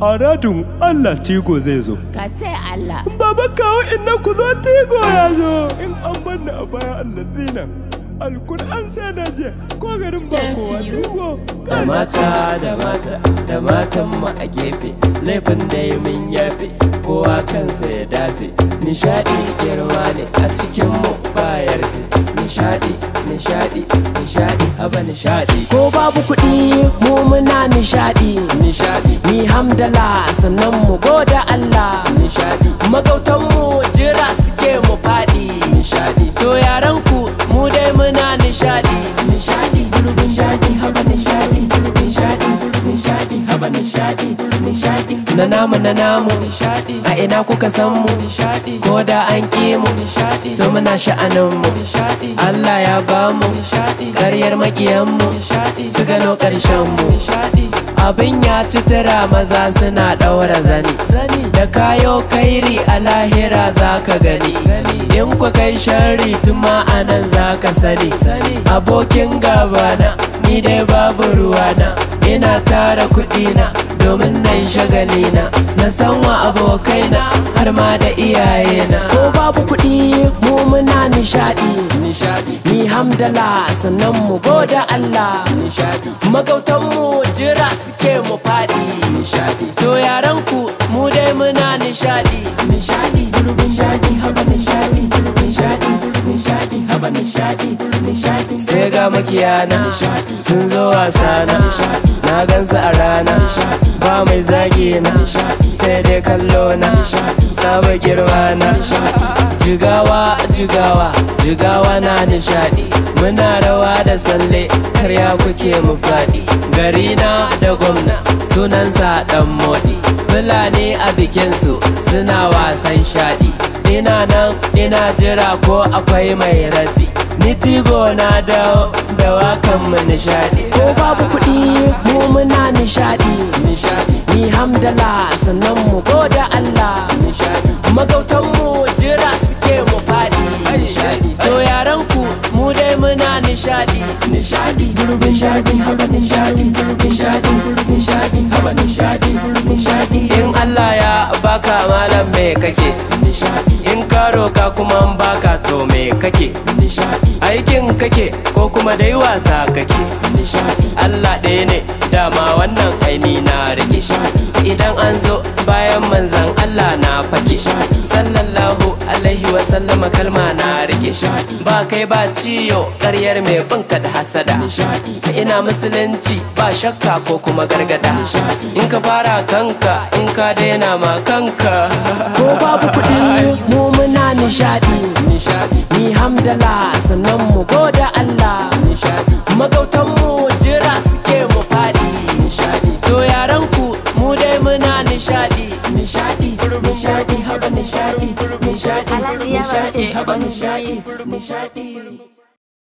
aradun Allah tigo zai zo. Ka ce Allah. Baba kawo inna ku zo tigo ya zo. In an banna a baya Allah Alkur an sai na je ko garin ba kowa tigo. Da mata da mata da matan mu a gefe laifin da ya min yafe kowa kansa ya dafe nishadi girma ne a cikin mu nishadi nishadi haba nishadi ko babu kuɗi mu muna nishadi nishadi ni hamdala sanan mu goda Allah nishadi magautan mu jira ba nishadi nishadi na namu na namu nishadi a ina kuka san mu nishadi ko da an ki mu nishadi to muna sha'anin mu nishadi Allah ya ba mu nishadi kariyar makiyan mu nishadi su gano ƙarshen mu nishadi abin ya ci tura maza suna ɗaura zani da kayo kairi a lahira zaka gani in ku kai shari tuma anan za ka sani abokin gabana ni dai babu na, ina tara na domin nan shagalina na san wa abokaina har ma da iyayena ko babu kuɗi mu muna nishaɗi ni hamdala sannan mu goda Allah magautan mu jira suke mu faɗi to yaran ku mu dai muna nishaɗi nishadi, gurbin shadi, haba nishadi. ba nishadi sai ga makiyana sun zo wasa na na gansu a rana ba mai zagi na sai dai kallo na saba girma na jigawa jigawa jigawa na nishadi muna rawa da tsalle karya kuke mu faɗi gari na da gwamna sunansa dan modi fulani a bikinsu suna wasan shaɗi ina nan ina jira ko akwai mai raddi niti gona da da wakan mu nishadi ko babu kuɗi mu muna nishadi ni hamdala sannan mu goda Allah magautan mu jira suke mu fadi to yaran ku mu dai muna nishadi nishadi gurbin shadi haba nishadi gurbin shadi gurbin shadi haba nishadi nishadi in Allah ya baka malam ɗauka kuma an baka to me kake aikin kake ko kuma dai wasa kake Allah ɗaya ne dama wannan aini na rike idan an zo bayan manzan Allah na fake sallallahu alaihi wa sallama kalma na rike ba kai ba ciyo karyar mai bunka da hasada ina musulunci ba shakka ko kuma gargada in ka fara kanka in ka daina ma kanka ko babu kuɗi mu muna nishadi ni hamdala sannan mu goda Allah magautan mu jira suke mu fadi to yaran ku mu dai muna nishadi nishadi nishadi haba nishadi nishadi nishadi haba nishadi nishadi